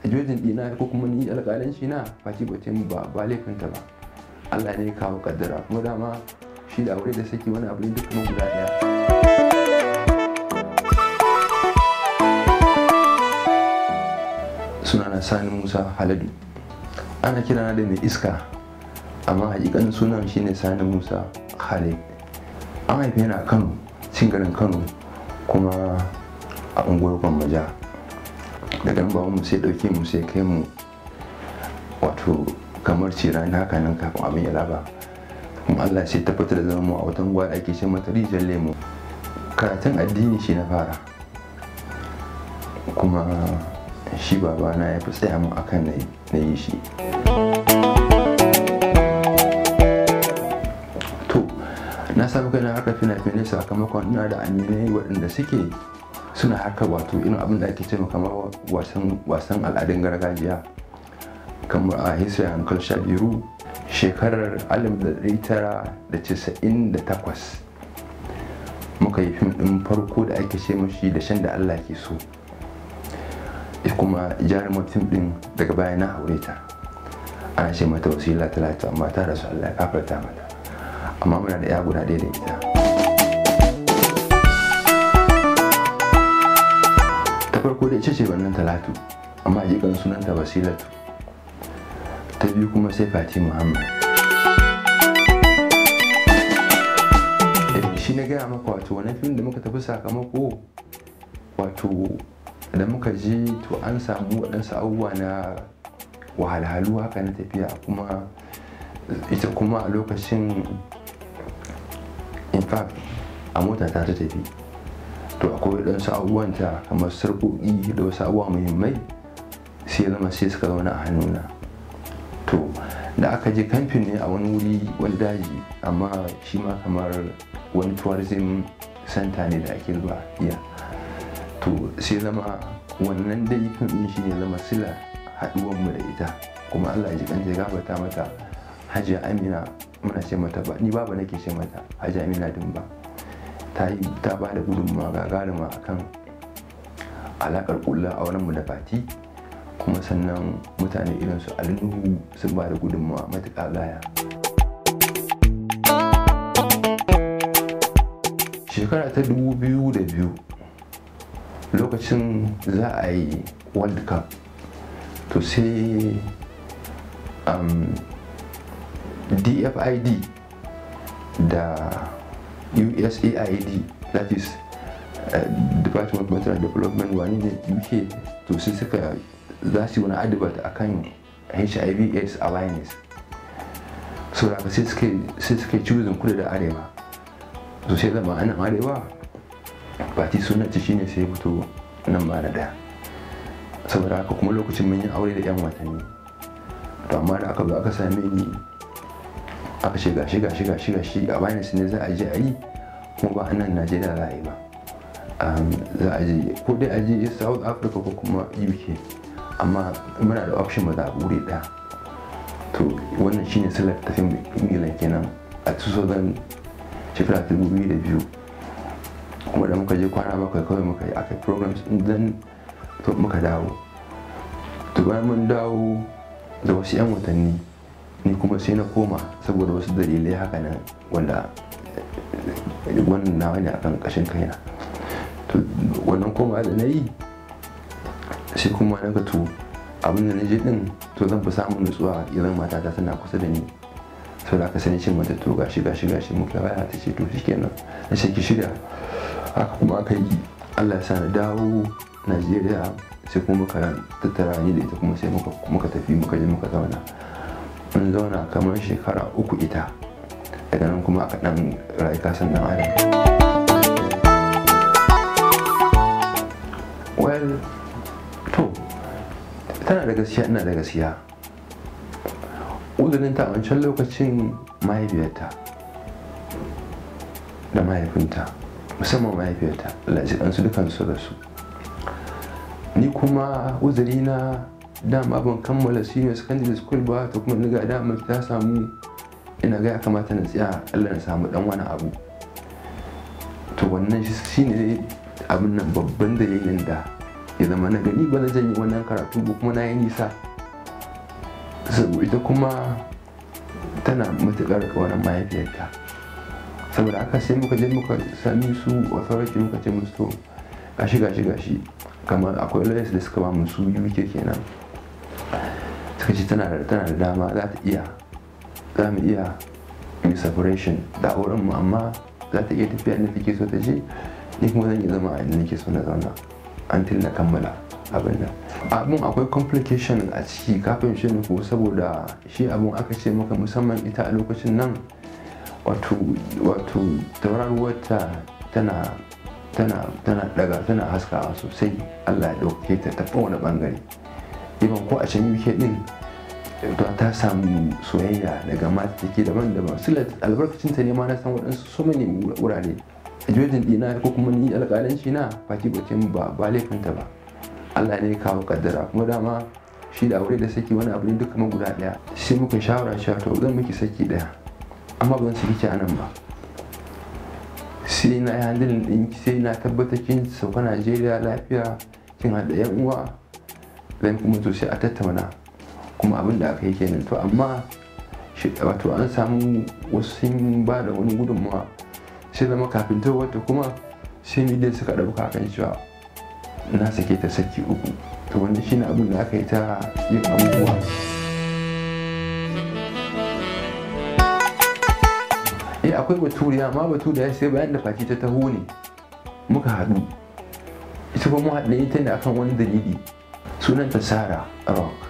a jojin dina ko kuma ni alƙalanci na faki ba mu ba ba laifinta ba Allah ne kawo kaddara kuma dama shi da aure da saki wani abu ne duk kuma guda ɗaya. na sani musa haladu ana kirana da mai iska amma hakikan sunan ne sani musa khalid an haife ni a kano cin garin kano kuma a unguwar maja. daga nan mu sai ɗauke mu sai kai mu wato kamar cirani haka nan kafin abin ya laba kuma Allah sai tabbatar da zama mu a wutan gwada ake shan mata rijiyar lemu karatun addini shi na fara kuma shi babana ya fi tsaya mun akan na yi shi to na samu a haka fina-finai sakamakon ina da aminai waɗanda suke suna haka wato irin abin da ake taimaka ma wasan al'adun gargajiya kamar a hisa and shabiru shekarar 1998 muka yi fim ɗin farko da ake ce mashi da shan da Allah ke so kuma jarumar fim ɗin daga baya na aure ta ana ce mata wasila talata amma ta rasu Allah ya kafarta mata amma muna da ya guda ɗaya da ita ta farko da ita ce wannan talatu amma sunan sunanta basilatu ta biyu kuma sai fati muhammad eh, shi na gaya maka wato wani filin da muka tafi sakamako wato da muka je to an samu waɗansu abubuwa na wahalhalu haka na tafiya kuma ita kuma a lokacin in fact a mota ta tafi to akwai waɗansu abubuwan ta kamar sarƙoƙi da wasu abubuwa muhimmai sai zama sai suka zauna a hannuna to da aka je kamfin ne a wani wuri wani daji amma shi ma kamar wani tourism center ne da ake zuwa iya to sai zama wannan dai ɗin shi ne zama sila haɗuwanmu da ita kuma allah ji kan gabata mata hajiya amina muna ce mata ba ni baba nake ce mata hajiya amina din ba ta yi ta ba da gudunmawa a kan alaƙar ƙulla a mu da fati kuma sannan mutane irin su alinuhu sun ba da gudunmawa matuƙa gaya shekara ta dubu biyu da biyu lokacin za a yi world cup to sai um, dfid da usaid that is uh, department of Material development wani ne uk to sai suka za su yi wani advert akan hiv aids alliance so da sai suka yi to create da arewa so sai zama ana arewa bati sunanci shine sai fito nan ba da daya saboda haka kuma lokacin mun yi aure da 'yan watanni Tama da aka zo aka same ni aka ce gashi gashi gashi gashi a su ne za a je a yi kuma ba a nan najeriya za a yi ba za a je ko dai a je south africa ko kuma uk amma muna da option ba za a bude ɗaya to wannan shine salar tafin milan kenan a zan shekara ta biyu kuma da muka je kwana bakwai kawai muka yi aka programs zan to muka dawo to bayan mun dawo da wasu 'yan watanni ni kuma sai na koma saboda wasu dalilai haka nan wanda eh, wannan nawa ne akan kashin kaina to wannan koma da na yi sai kuma na ga to abin da na je din to zan fi samun nutsuwa idan matata tana kusa da ni sau da aka sani cin mata to gashi gashi gashi muka baya ta ce to shikenan na ce ki shirya haka kuma aka yi Allah ya sa na dawo Najeriya sai kuma muka tattara ni da ita kuma sai muka tafi muka je muka zauna mun zauna kamar shekara uku ita daga nan kuma aka dan rayuka san dan adam well to tana da gaskiya ina da gaskiya uzurin ta wancan lokacin mahaifiyarta da mahaifinta musamman mahaifiyarta Allah ji dukansu da su ni kuma na. dama ban kammala senior secondary school ba to kuma niga dama ta samu ina ga ya kamata na tsaya Allah na samu dan wani abu to wannan shi ne abin nan babban dalilin da ya zama na gani ba na janye wannan karatu ba kuma na yi nisa ita kuma tana matuƙar wannan mahaifiyarta saboda haka sai muka je muka sami su authority muka ce musu to gashi gashi gashi kamar akwai lawyers da suka ba mu su uk kenan ka ji tana da tana da dama za ta iya za mu iya in separation da wurin mu amma za ta iya tafiya inda take so ta je ni kuma zan yi zama a inda nake so na zauna until na kammala abin nan abin akwai complication a ciki kafin shi ne saboda shi abin aka ce maka musamman ita a lokacin nan wato wato wata tana tana tana daga tana haskawa sosai Allah ya dauke ta ta wani bangare. Iban ko a can UK din don ta samu soyayya daga masu take daban-daban silat albarkacin ta ne ma na san waɗansu so many wurare jojin dina ko kuma ni alƙalanci na faki bakin ba ba laifinta ba Allah ne kawo kaddara kuma dama shi da aure da saki wani abu ne duka ma guda ɗaya sai muka shawara cewa to zan miki saki ɗaya amma ban saki ki anan ba sai na yi handilin ɗinki sai na tabbatar kin sauka Najeriya lafiya kin haɗa 'yan uwa zan kuma to sai a tattauna kuma abin da aka yi kenan to amma wato an samu wasu sun ba da wani gudunmawa sai zama kafin wata kuma sai dai suka ɗauka kan cewa na sake ta saki uku to wanda shine abin da aka yi ta yin abubuwa eh akwai baturiya amma baturiya sai bayan da fati ta taho ne muka haɗu ita kuma ne ta ne akan wani dalili sunanta sara rock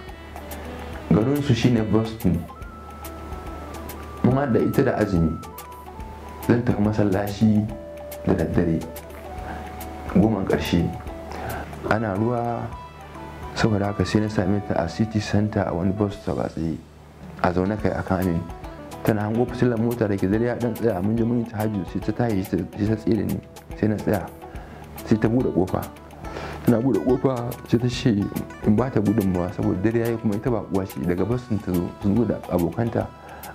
garinsu shine boston kuma da ita da azumi zan tafi masallaci da daddare goma ƙarshe ana ruwa saboda haka sai na same ta a city center a wani bus ta batse a zaune kai a kamin tana hango fitilar mota da ke dare ya dan tsaya mun je mun yi hajji sai ta tahi sai ta tsere ni sai na tsaya sai ta bude kofa tana buɗe kofa sai ta ce in ba ta gudunmawa saboda dare yayi kuma ita ba kuwa shi daga bas sun ta zo sun zo da abokanta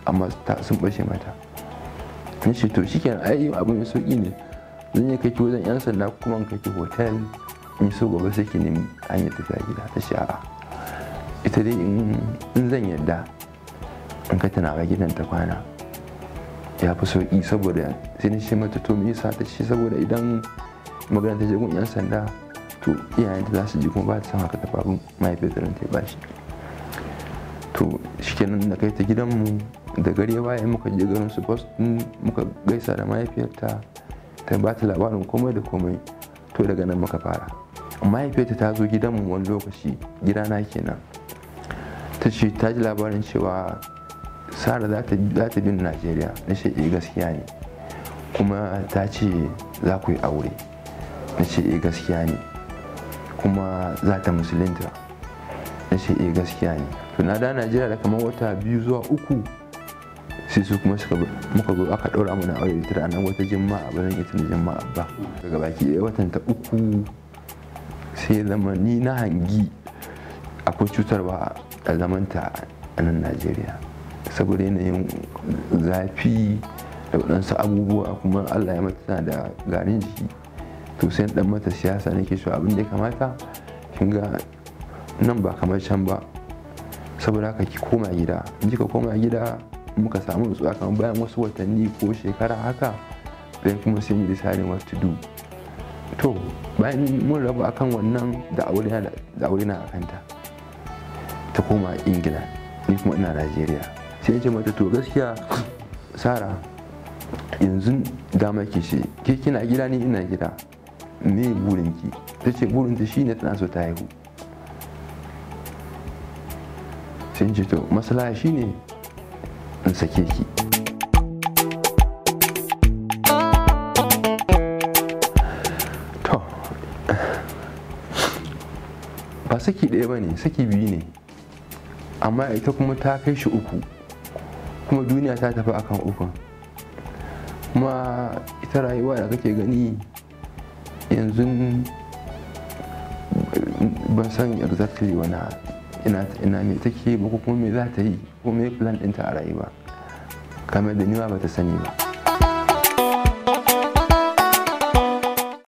amma sun bace mata ni shi to shikenan ai abu mai sauki ne zan yi kai wajen yan sanda kuma in kai ki hotel in so gobe sai ki nemi hanyar tafiya gida ta ce a'a ita dai in zan yadda in ka bai gidan ta kwana ya fi sauki saboda sai ni shi mata to me yasa ta ce saboda idan magana ta je gun yan sanda to iyayenta za su ji kuma ba ta son haka tafafin mahaifiyarta ta ya bashi to shikenan da kai ta gidanmu da gari ya baya muka je garin su bas muka gaisa da mahaifiyarta ta ba ta labarin komai da komai to daga nan muka fara mahaifiyarta ta zo gidanmu wani lokaci gidana kenan ta ce ta ji labarin cewa sara za ta bin najeriya na ce eh gaskiya ne kuma ta ce za ku yi aure na ce eh gaskiya ne kuma za ta musulunta na ce eh gaskiya ne to na da najeriya da kamar wata biyu zuwa uku sai su kuma suka muka zo aka ɗaura mana aure da nan wata jima'a ba zan yi tuna jima'a ba daga baki ɗaya watan ta uku sai zama ni na hangi akwai cutarwa a zamanta a nan najeriya saboda yanayin zafi da waɗansu abubuwa kuma allah ya mata da garin jiki to sai dan mata siyasa nake so abin da ya kamata kin ga nan ba kamar can ba saboda haka ki koma gida kika koma gida muka samu nutsuwa kamar bayan wasu watanni ko shekara haka dan kuma sai mu decide what to do to bayan mun rabu akan wannan da aure na da aure na akanta ta koma ingila ni kuma ina najeriya sai ce mata to gaskiya sara yanzu dama ke ce ke kina gida ni ina gida ne burinki ta ce burinta shi ne tana so ta haihu sun ce to masala shi ne in sake ki ba saki ɗaya ba ne saki biyu ne amma ita kuma ta kai shi uku kuma duniya ta tafi akan uku kuma ita rayuwa da kake gani yanzu ban san exactly wani ina ina me take ba ko kuma me za ta yi ko me plan ɗinta a rayuwa kamar da niwa ba ta sani ba